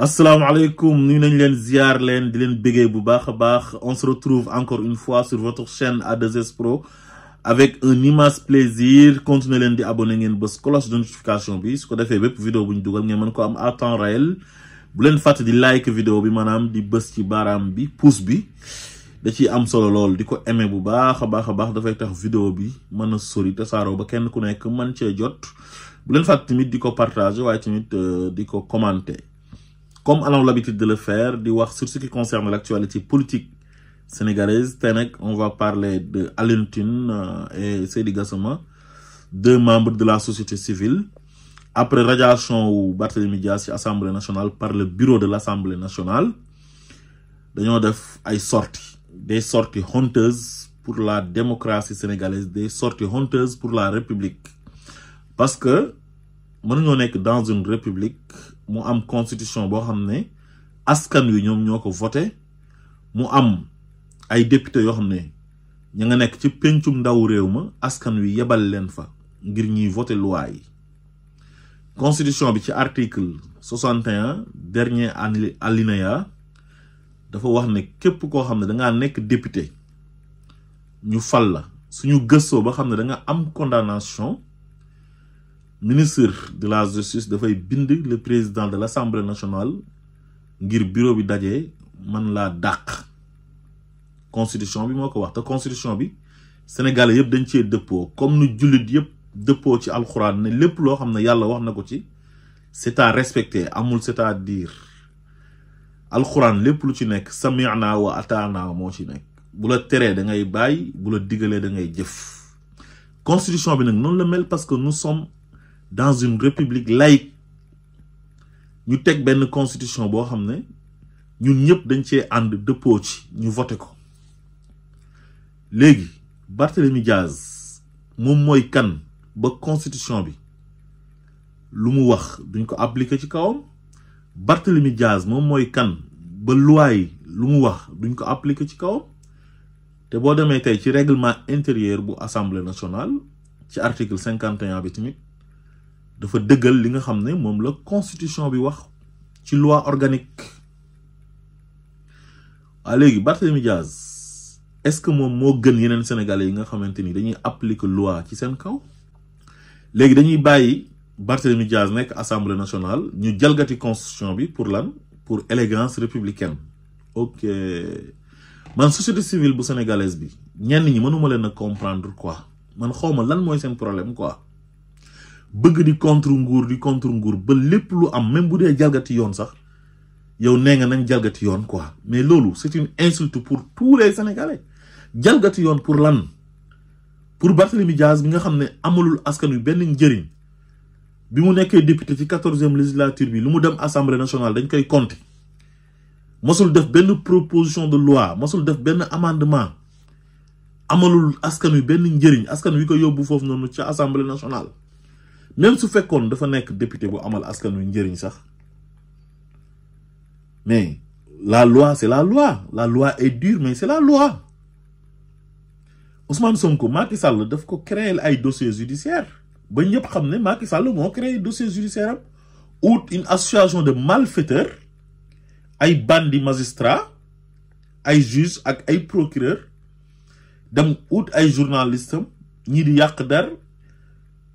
Assalamu alaikum. Nous leen ziar len di leen béggee bu on se retrouve encore une fois sur votre chaîne a Pro avec un immense plaisir Continuez leen di abonné ngeen bës cloche de notification bi su ko defee bépp vidéo bu ñu dugal ngeen mën ko am à temps réel bu len fàtte di like vidéo bi manam di bës ci baram bi pouce bi da ci am solo lol. diko ko aimé bu baax a baax da fay tax vidéo bi mën a sori tasaaroo ba kenn ku nekk mën ci jot bu len fàtte tamit diko partager waaye tamit euh, di commenter comme allons l'habitude de le faire, de voir sur ce qui concerne l'actualité politique sénégalaise. on va parler de euh, et Seydi Gassama, deux membres de la société civile. Après radiation ou Barthélémy Dias Assemblée nationale par le bureau de l'Assemblée nationale, nous def ay sorties des sorties honteuses pour la démocratie sénégalaise des sorties honteuses pour la république parce que mën sommes dans une république mu am constitution boo xam ne askan wi ñoom ñoo ko voté mu am ay député yoo xam ne ña nga nekk ci péncum ndaw réew ma askan wi yebal leen fa ngir ñiy voté loi yi constitution bi ci article soixante et un dernier alinéa dafa wax ne képp koo xam ne dangaa nekk député ñu fal la suñu gëstoo ba xam ne da nga am condamnation ministre de la justice dafay bind le président de l'Assemblée nationale ngir bureau bi dajé man la dak. constitution bi moko wax te constitution bi sénégalais yépp dañ ci dëppoo comme nous jullit yépp dëppoo ci alcorane ne lépp lo xam yalla wax na ci c'est à respecter amul c'est à dire alcorane lépp lu ci nekk sami'na wa ata'na mo ci nek bu la téré da ngay bàyyi bu la digalé da ngay jëf constitution bi nak non la mel parce que nous sommes dans une république laïque ñu tek ben constitution bo xamné ñun ñëpp dañ ci ànd dëppoo ci ñu voter ko légui Barthélemy Diaz mom moy kan ba constitution bi lu mu wax duñ ko appliqué ci kawam Barthélemy Diaz mom moy kan ba loi yi lu wax duñ ko appliqué ci kawam te bo demee tay ci règlement intérieur bu assemblée nationale ci article cinquante bi dafa deugal li nga xamné mom la constitution bi wax ci loi organique Allez, ah, léegi Barthélemy Diaz est-ce que mom mo gën yenen sénégalais yi nga xamanteni dañuy appliquer loi ci sen kaw léegi dañuy bayyi Barthélemy Diaz nek assemblée nationale ñu jalgati constitution bi pour lan pour élégance républicaine ok man société civile bu sénégalaise bi ñenn ñi mënuma leen a comprendre quoi man xawma lan moy sen problème quoi bëgg di contre nguur di contre nguur ba lépp lu am même bu dee jalgati yoon sax yow nee nga nañ jalgati yoon quoi mais loolu c'est une insulte pour tous les sénégalais jalgati yoon pour lan pour Barthélemy Diaz bi nga xam ne amalul askan wi benn njëriñ bi mu nekkee député ci 14e législature bi lu mu dem assemblée nationale dañ koy compter mosul def benn proposition de loi mosul def benn amendement amalul askan wi benn njëriñ askan wi ko yóbbu foofu noonu ci assemblée nationale même su a dafa un député bu amal askan mais la loi c'est la loi la loi est dure mais c'est la loi Ousmane Sonko Macky Sall daf créer ay dossiers judiciaires ba ñëpp ne Macky Sall a créé dossier judiciaire ou une association de malfaiteurs ay bandit magistrats ay juges ak ay procureurs dem ay journalistes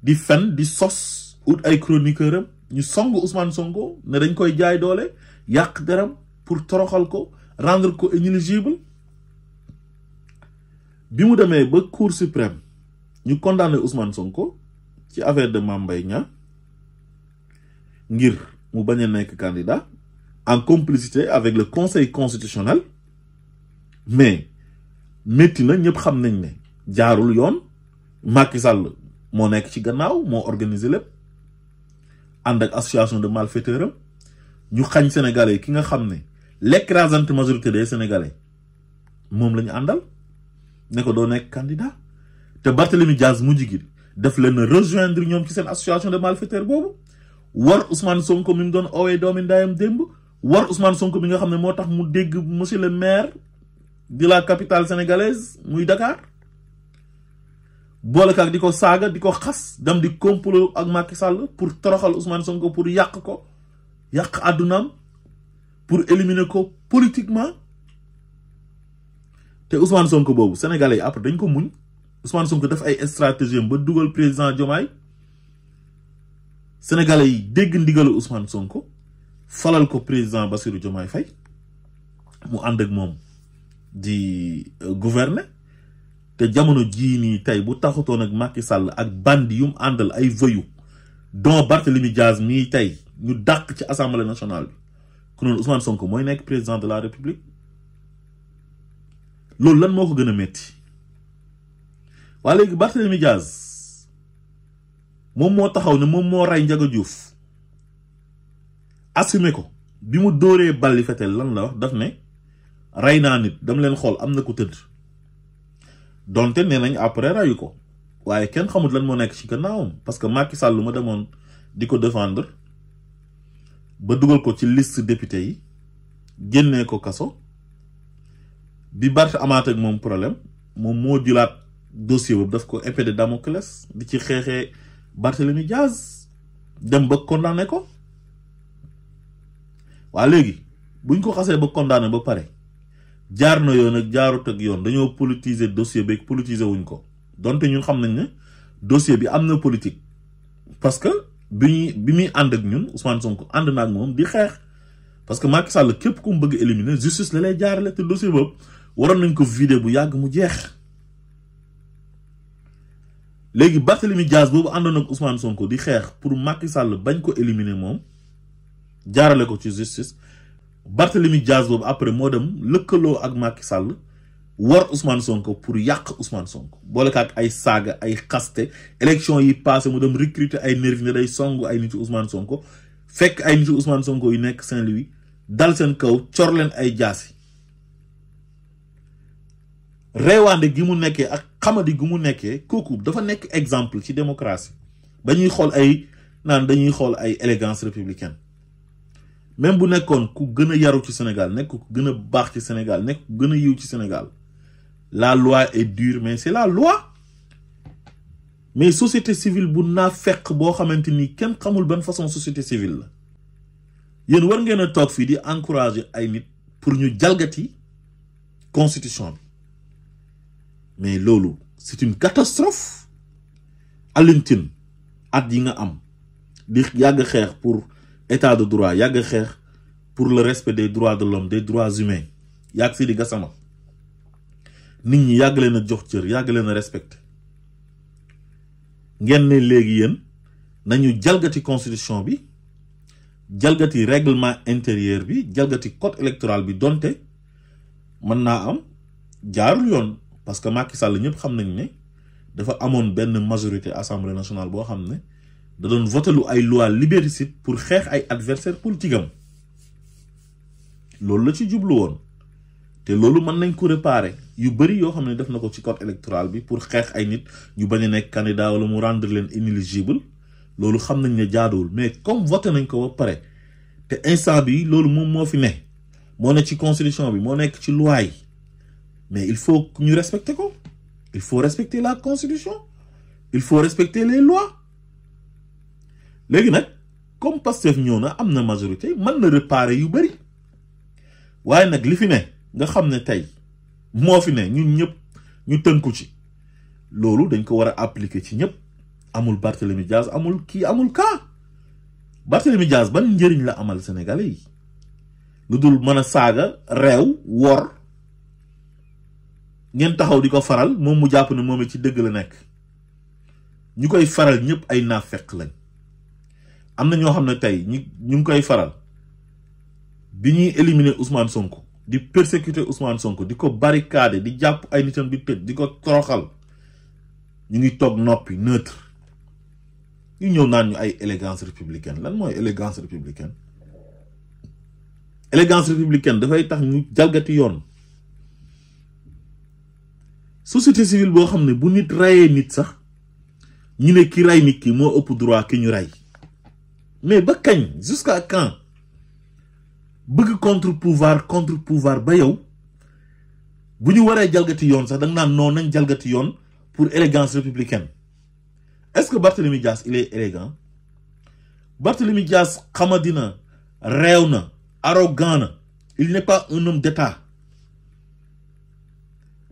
di fen di sos ut ay chroniqueur ñu Ousmane Sonko ne dañ koy jaay doole yàq deram pour toroxal ko rendre ko inéligible bi mu ba cour suprême ñu condamné Ousmane Sonko qui avait de en complicité avec le conseil constitutionnel mais nous na xam nañ moo nekk ci gannaaw moo organiser lépp ànd ak association de malfaiteurs am ñu xañ sénégalais ki nga xam ne l'écrasante majorité des sénégalais moom la àndal ne doo nekk candidat te Barthélemy Diaz mujj gi def leen rejoindre ñoom ci seen association de malfaiteurs boobu war Ousmane Sonko mi mu doon owee doomi ndaayam démb war Ousmane Sonko mi nga xam ne moo tax mu dégg monsieur le maire de la capitale sénégalaise muy Dakar. boole ak di ko diko di ko di complot ak Macky Sall pour toroxal Ousmane Sonko pour yak ko yak adunam pour éliminer ko politiquement te Ousmane Sonko bobu sénégalais après dañ ko muñ Ousmane Sonko def ay stratégie ba dougal président Diomaye sénégalais dégg ndigal Ousmane Sonko falal ko président Bassirou Diomaye fay mu and ak mom di gouverner te jamono jii nii tey bu taxutoon ak Macky sàll ak band yu mu àndal ay voyous dont Barthélemy Diaz mii tey ñu dàq ci assemblée nationale bi ku noonu Ousmane Sonko mooy nekk président de la république loolu lan moo ko gën a metti waa léegi mi Diaz moom moo taxaw ne moom moo rey Ndiaga Diouf assumé ko bi mu dóoree balli fetel lan la wax daf ne rey naa nit dama leen xool am na ko tëdd donte nee nañ après rayu ko waaye kenn xamut lañ moo nekk ci gannaawam parce que Macky Sall ma demoon di ko défendre ba dugal ko ci liste député yi génnee ko kaso bi Barth amaat ak moom problème moom moo julaat dossier boobu daf ko épée de Damoclès di ci xeexee Barthélemy Diaz dem ba condamné ko waa léegi buñ ko xasee ba condamné ba pare jaar na yoon ak jaarut ak yoon dañoo politiser dossier bi politiser wuñ ko donte ñun xam nañ ne dossier bi am na politique parce que bi ñuy bi muy ànd ak ñun Ousmane Sonko ànd na ak moom di xeex parce que Macky Sall képp ku mu bëgg éliminer justice la lay jaarale te dossier boobu waroon nañ ko vidé bu yàgg mu jeex. léegi Barthélemy Diaz boobu àndoon ak Ousmane Sonko di xeex pour Macky Sall bañ ko éliminer moom jaarale ko ci justice Barthélemy Diaz boobu après moo dem lëkkaloo ak Macky Sall war Ousmane Sonko pour yàq Ousmane Sonko boolekaak ay saaga ay xaste élection yi passé mu dem recruter ay nervi ne day song ay nitu Sonko fekk ay nitu Ousmane Sonko yu nekk Saint-Louis dal seen kaw cor leen ay jaasi reewaande gi mu nekkee ak xamadi gi mu nekkee kooku dafa nekk exemple ci démocratie ba ñuy xool ay naan dañuy xool ay élégance républicaine même bu nekkoon ku gën a yaru ci Sénégal nekk ku gën a baax ci Sénégal nekk ku gën a yiw ci Sénégal la loi est dure mais c'est la loi mais société civile bu naa fekk boo xamante ni kenn xamul ban façon société civile la yéen war ngeen a toog fii di encourager ay nit pour ñu jalgati constitution bi mais loolu c'est une catastrophe alintine at yi nga am di yàgg xeex pour état de droit yag xeex pour le respect des droits de l'homme des droits humains yàgg Seydi Gassama nit ñi yag leen jox cër yag leen respecter respecté ne léegi yéen nañu jalgati constitution bi jalgati règlement intérieur bi jalgati code électoral bi donte man naa am jaarul yoon parce que Macky Sall ñëpp xam nañ ne dafa amone ben majorité assemblée nationale bo da doon lu ay loi liberticide pour xeex ay adversaire politique am loolu la ci jublu woon te loolu mën nañ ko réparer yu bëri yoo xam ne def na ko ci code électoral bi pour xeex ay nit ñu bañ a nekk candidat wala mu rendre leen inéligible loolu xam nañ ne jaaduwul mais comme voté nañ ko ba pare te instant bi loolu moom moo fi ne moo ne ci constitution bi moo nekk ci loi yi mais il faut ñu respecter ko il faut respecter la constitution il faut respecter les lois léegi nag comme Pastef ñëw na am na majorité mën na réparer yu bëri waaye nag li fi ne nga xam ne tey moo fi ne ñun ñëpp ñu tënku ci loolu dañ ko war a appliquer ci ñëpp amul Barthélemy Diaz amul kii amul kaa Barthélemy jaas ban njëriñ la amal Sénégalais yi lu dul mën a saaga réew wor ngeen taxaw di ko faral moom mu jàpp na moom ci dëgg la nekk ñu koy faral ñëpp ay naafeq lañ amna ño xamne tay ñu ngui koy faral bi ñuy éliminer Ousmane Sonko di persécuter Ousmane Sonko di ko barikade, di japp ay nitam di tëj di ko toroxal ñu ngi tok nopi neutre ñu ñew naan ñu ay élégance républicaine lan moy élégance républicaine élégance républicaine fay tax ñu jalgati yoon société civile bo xamne bu nit rayé nit sax ñu ne ki ray nit ki mo ëpp droit ki ñu ray mais ba jusqu'à quand bëgg contre pouvoir contre pouvoir ba yow bu ñu waree jalgati de sax da nga nañ pour élégance républicaine est-ce que Barthélemy Dias il est élégant Barthélemy Dias xamadina réew arrogant il n'est pas un homme d'État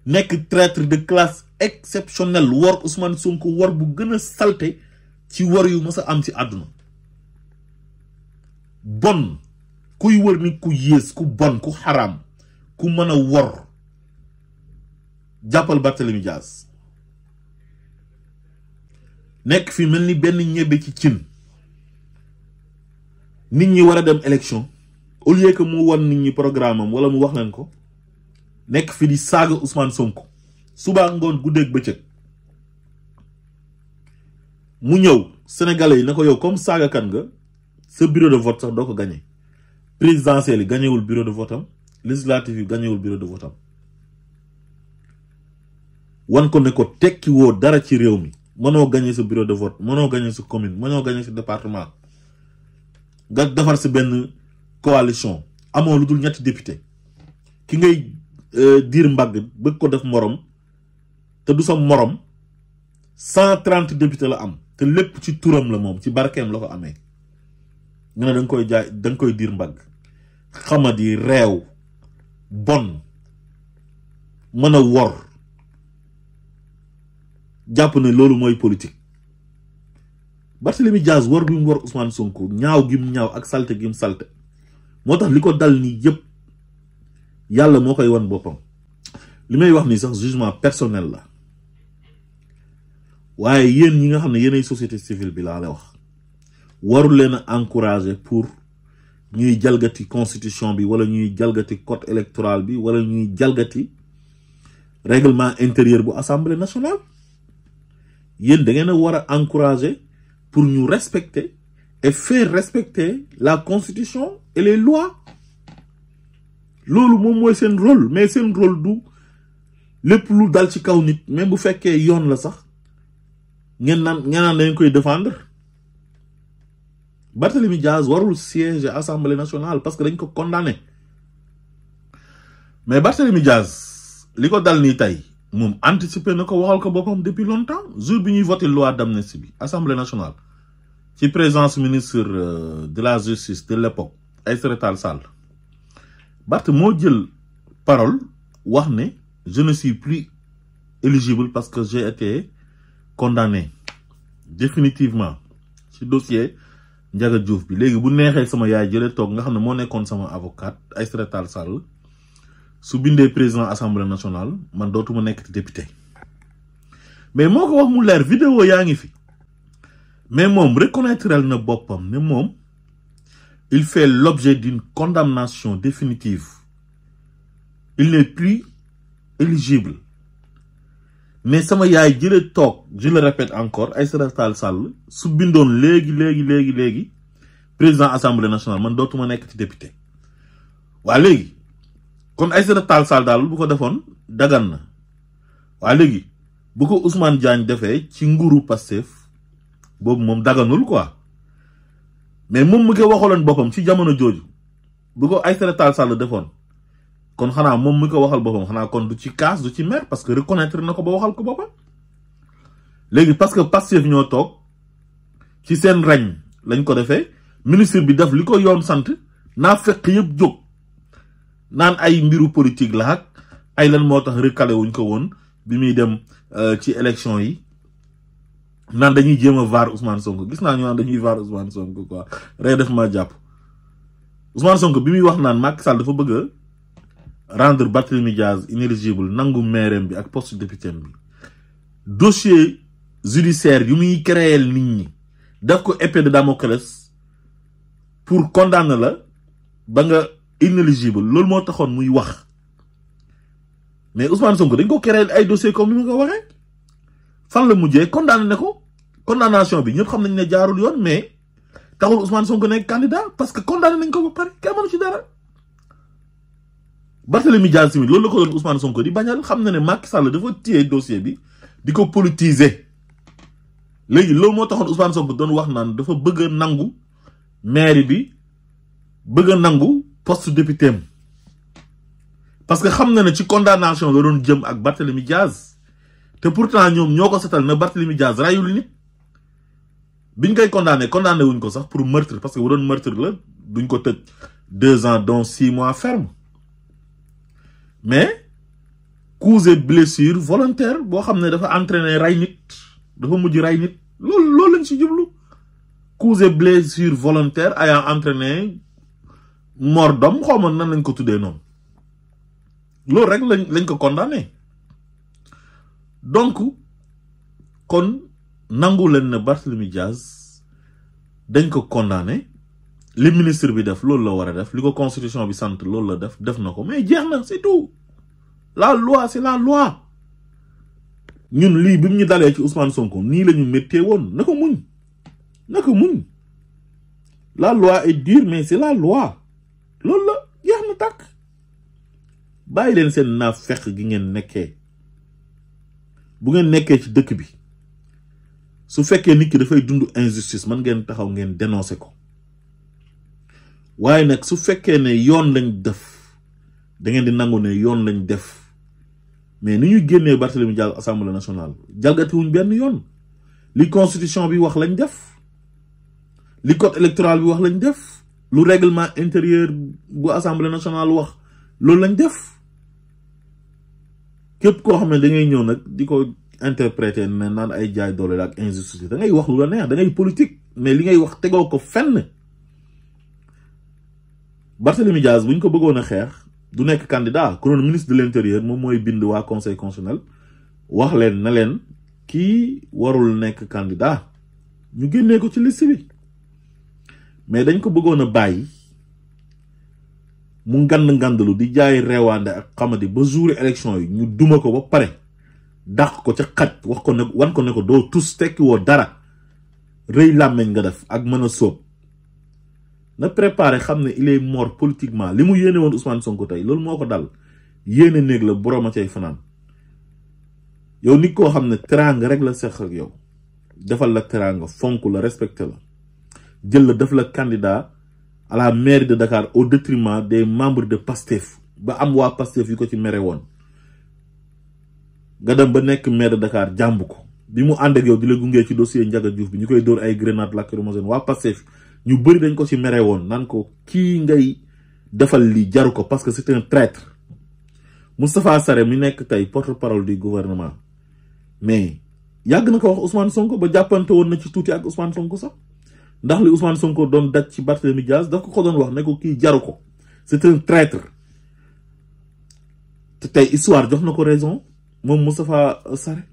Nek traître de classe exceptionnelle war Ousmane Sonko war bu gën a salte ci war yu mës a am ci àdduna bon kuy wër ni ku yées ku bon ku xaraam ku mën a wor jàppal Barthélemy Dias nekk fi mel ni benn ñebe ci cin nit ñi war a dem élection au lieu que mu nit ñi programme am mu wax leen ko nekk fi di saaga Ousmane Sonko subaa ngoon guddeeg bëccëg mu ñëw sénégalais yi na ko yow comme kan nga Ce bureau de vote sax doo ko gagné présidentiel yi gagnewul bureau de vote législatif législative yi bureau de vote am wan ko ne ko tekki wo dara ci réew mi mënoo gagné bureau de vote mënoo gagné ce commune mënoo gagné ce département ga defar ce ben coalition amoo lu dul député ki ngay euh, diir mbag bëgg ko def morom te du sa morom cent trente député la am te lepp ci touram la mom ci barkem la ko amé nga ne koy jaay da koy diir mbagg xamadi reew bon mën a wor jàpp ne loolu mooy politique Barthélemy Diaz wor bi mu wor Ousmane Sonko ñaaw gi mu ñaaw ak salte gi mu salte moo tax li ko dal nii yëpp yàlla moo koy wan boppam li may wax nii sax jugement personnel la waaye yéen ñi nga xam ne yéenay société civile bi laa lay wax warul leen encourager pour ñuy la constitution bi wala ñuy jalgati code électoral bi wala ñuy règlement intérieur bu assemblée nationale yéen da encourager pour nous respecter et faire respecter la constitution et les lois loolu moom rôle mais seen rôle du lépp lu dal ci kaw nit même bu fekkee la sax koy défendre. Barthélemy Diaz warul siège à l'Assemblée nationale parce que dañ ko condamné mais Barthélemy Diaz liko dal ni tay moom anticiper nako waxal ko depuis longtemps jour bi ñuy voté loi d'amnistie bi Assemblée nationale ci présence ministre euh, de la justice de l'époque Aïssata Tall Sall sale. mo jël parole wax né je ne suis plus éligible parce que j'ai été condamné définitivement Ce dossier Ndiaga djouf bi léegi bu nexé sama yaay jële tok nga xam mo nékkone sama avocat Aïssata Tall Sall su bindé président assemblée nationale man dootuma nekk député mais moko wax mu leer vidéo yaangi fi mais mom reconnaître na bopam Mais mom il fait l'objet d'une condamnation définitive il n'est plus éligible mais sama yaay jële tok, je le répète encore Aïssata Tall Sall su bindoon légui légui légui légui président assemblée nationale man dootuma nek ci député Wa légui kon Aïssata Tall Sall dal bu ko defone dagan na Wa légui bu ko Ousmane Diagne defé ci nguru Pastef boobu mom daganul quoi mais mom mu ko waxolone boppam ci jamono jooju bu ko Aïssata Tall Sall defone kon xanaa moom mu ko waxal boppam xanaa kon du ci kaas du ci mer parce que reconnaître na ko ba waxal ko boppam léegi parce que Pastef ñoo toog ci seen rañ lañ ko defee ministre bi def li ko yoon sant naa fekk yëpp jóg naan ay mbiru politique la ay lan moo tax recalé wuñ ko woon bi muy dem euh, ci élection yi naan dañuy jéem a vaar Ousmane Sonko gis naa ñu naan dañuy vaar Ousmane Sonko quoi ree def ma jàpp Ousmane Sonko bi muy wax naan Macky Sall dafa bëgg rendre Barthélemy Diaz inéligible nangu maireem bi ak poste député bi dossier judiciaire yu muy créel nit ñi daf ko épée de Damoclès pour condamner la ba nga inéligible loolu mo taxone muy wax mais Ousmane Sonko dañ ko créer ay dossier comme ni mu ko fan la mujjee condamné ne ko condamnation bi ñëpp xam nañ né jaarul yoon mais taxul Ousmane Sonko nekk candidat parce que condamné nañ ko ba pare kenn mënu ci dara. Barthélemy Diaz tamit lolou la ko doon Ousmane Sonko di bañal xamna na ne Macky Sall dafa téye dossier bi diko politiser léegi loolu mo taxone Ousmane Sonko doon wax nan dafa bëgg nangu maire bi bëgg nangu poste député parce que xamna na ci condamnation la doon jëm ak Barthélemy Diaz te pourtant ñom ñoko sétal setal na Barthélemy Diaz rayul nit biñ koy condamné condamné wuñ ko sax pour meurtre parce que waroon meurtre la duñ ko tëj 2 ans dont 6 mois ferme mais coups et blessures volontaires boo xam dafa entraîner ray nit dafa mujj ray nit loolu loolu lañ ci jublu coups et blessures volontaires ayant entraîné mort d'homme xom nañ lañ ko tuddee non loolu rek lañ lañ ko condamné donc kon nangu leen ne Barthélemy dañ ko condamné li ministre bi def loolu la war a def li ko constitution bi sant loolu la def def na ko mais jeex na c'est tout la loi c'est la loi ñun lii bi mu ñu dalee ci Ousmane Sonko nii lañu ñu méttee woon na ko muñ na ko muñ la loi est dure mais c'est la loi loolu la jeex na tàkk bàyyi leen seen naafeq gi ngeen nekkee bu ngeen nekkee ci dëkk bi su fekkee nit ki dafay dund injustice man ngeen taxaw ngeen dénoncer ko waaye nag su fekkee ne yoon lañ def da ngeen di nangu ne yoon lañ def mais ni ñu génnee Barthélemy Dias assemblée nationale jalgatiwuñ benn yoon li constitution bi wax lañ def li code électoral bi wax lañ def lu règlement intérieur bu assemblée nationale wax loolu lañ def képp koo xam ne da ngay ñëw nag di ko interpréter ne naan ay jaay doole ak injustice da ngay wax lu la neex da ngay politique mais li ngay wax tegoo ko fenn. Barthélemy Diaz bu ñu ko bëggoon a xeex du nekk candidat ku doon ministre de l'intérieur moom mooy bind waa conseil constitutionnel wax leen na leen kii warul nekk candidat ñu génnee ko ci liste bi mais dañ ko bëggoon a bàyyi mu ngand ngandalu di jaay reewaande ak xamadi ba jour élection yi ñu duma ko ba pare dàq ko ca xaj wax ko ne wan ko ne ko doo tus tekki dara rëy làmmeñ nga def ak mën a sóob na préparé il est mort politiquement li mu won Ousmane Sonko tay moko dal la yow nit ko rek la yow defal la teranga, fonku la respecté la jël la def la candidat à la mairie de Dakar au détriment des membres de PASTEF ba am à PASTEF yu ko ci ba nek maire de Dakar jambou bi yow gungé ci dossier bi koy ay grenade lacrymogène wa PASTEF ñu bëri dañ ko ci mere woon naan ko kii ngay defal li jaru ko parce que c'est un traître Moustapha Sarré mi nekk tey porte-parole du gouvernement mais yàgg na ko wax Ousmane Sonko ba jàppante woon na ci tuuti ak Ousmane Sonko sax ndax li Ousmane Sonko doon daj ci Barthélemy Diaz daf ko ko doon wax ne ko kii jaru ko c'est un traître te tey histoire jox na ko raison moom Moustapha sare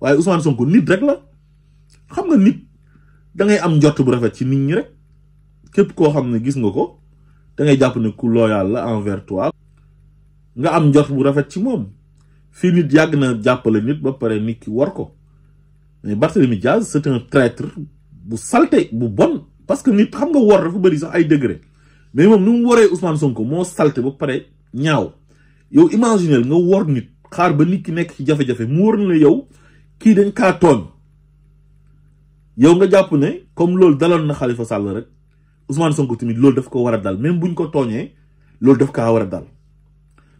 waaye Ousmane Sonko nit rek la xam nga nit. da ngay am njort bu rafet ci nit ñi rek képp koo xam ne gis nga ko da ngay jàpp ne ku loyal la envers toi nga am njort bu rafet ci moom fii nit yàgg na jàppale nit ba pare nit ki war ko mais Barthélemy Diaz c'est un traître bu salté bu bon parce que nit xam nga war dafa bëri sax ay degré mais moom ni mu waree Ousmane Sonko moo salté ba pare ñaaw yow imaginel nga wor nit xaar ba nit ki nekk ci jafe-jafe mu wóor na la yow kii dañ kaa yow nga jàpp ne comme loolu daloon na xalifa Sall rek Ousmane Sonko tamit loolu daf ko war a dal bu ñu ko tooñee loolu daf ka war a dal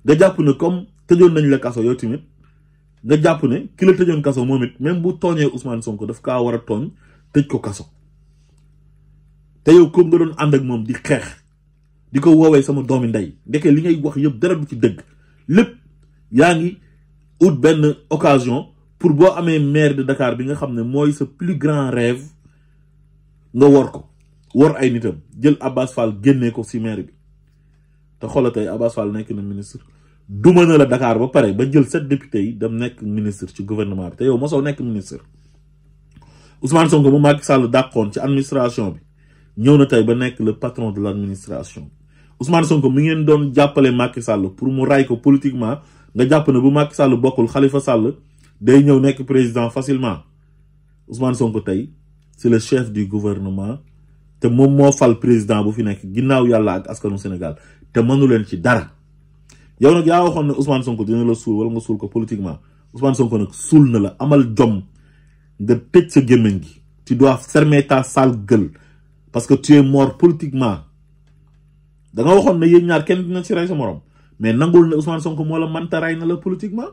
nga jàpp ne comme tëjoon nañ la kaso yow tamit nga jàpp ne ki la kaso moom it même bu tooñee Ousmane Sonko daf kaa war a tooñ tëj ko kaso te yow comme nga doon ànd ak moom di xeex di ko woowee sama doomi ndey ndeke li ngay wax yëpp dara du ci dëgg lépp yaa ngi ut benn occasion pour bo amé maire de Dakar bi nga xamné moy ce plus grand rêve nga wor ko wor ay nitam jël Abbas Fall génnee ko si maire bi te xoola Abbas Fall nek na ministre du mën la Dakar ba paré ba jël sept députés yi dem nek ministre ci gouvernement bi te yow so nek ministre Ousmane Sonko mo Macky Sall dàqoon ci administration bi ñëw na tey ba nek le patron de l'administration. Ousmane Sonko mi ngeen doon jappalé Macky Sall pour mu ray ko politiquement nga japp na bu Macky Sall bokul Khalifa Sall. day ñew nek président facilement Ousmane Sonko tay c'est le chef du gouvernement te mom mo fal président bu fi nek ginnaw yalla ak askanu Sénégal te mënu len ci dara yow nak ya Ousmane Sonko dina la sul wala nga sul ko politiquement Ousmane Sonko nak sul na la amal jom nga tecc sa gemeng gi tu dois fermer ta sale gueule parce que tu es mort politiquement da nga waxoon ne yéen ñaar kenn dina ci ray sa morom mais nangul ne Ousmane Sonko mo la ta ray na la politiquement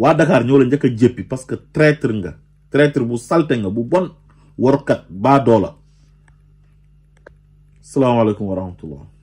waa Dakar ñoo la njëkk a jéppi parce que traître nga traître bu salte nga bu bon warkat baa doola salaamaaleykum wa rahmatullah